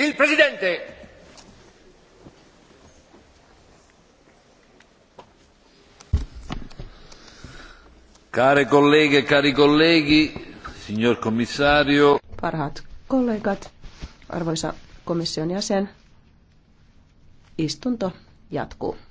Il Presidente! Care colleghe, e cari colleghi, signor commissario. Parhaat kollegat, arvoisa komission jäsen, istunto jatkuu.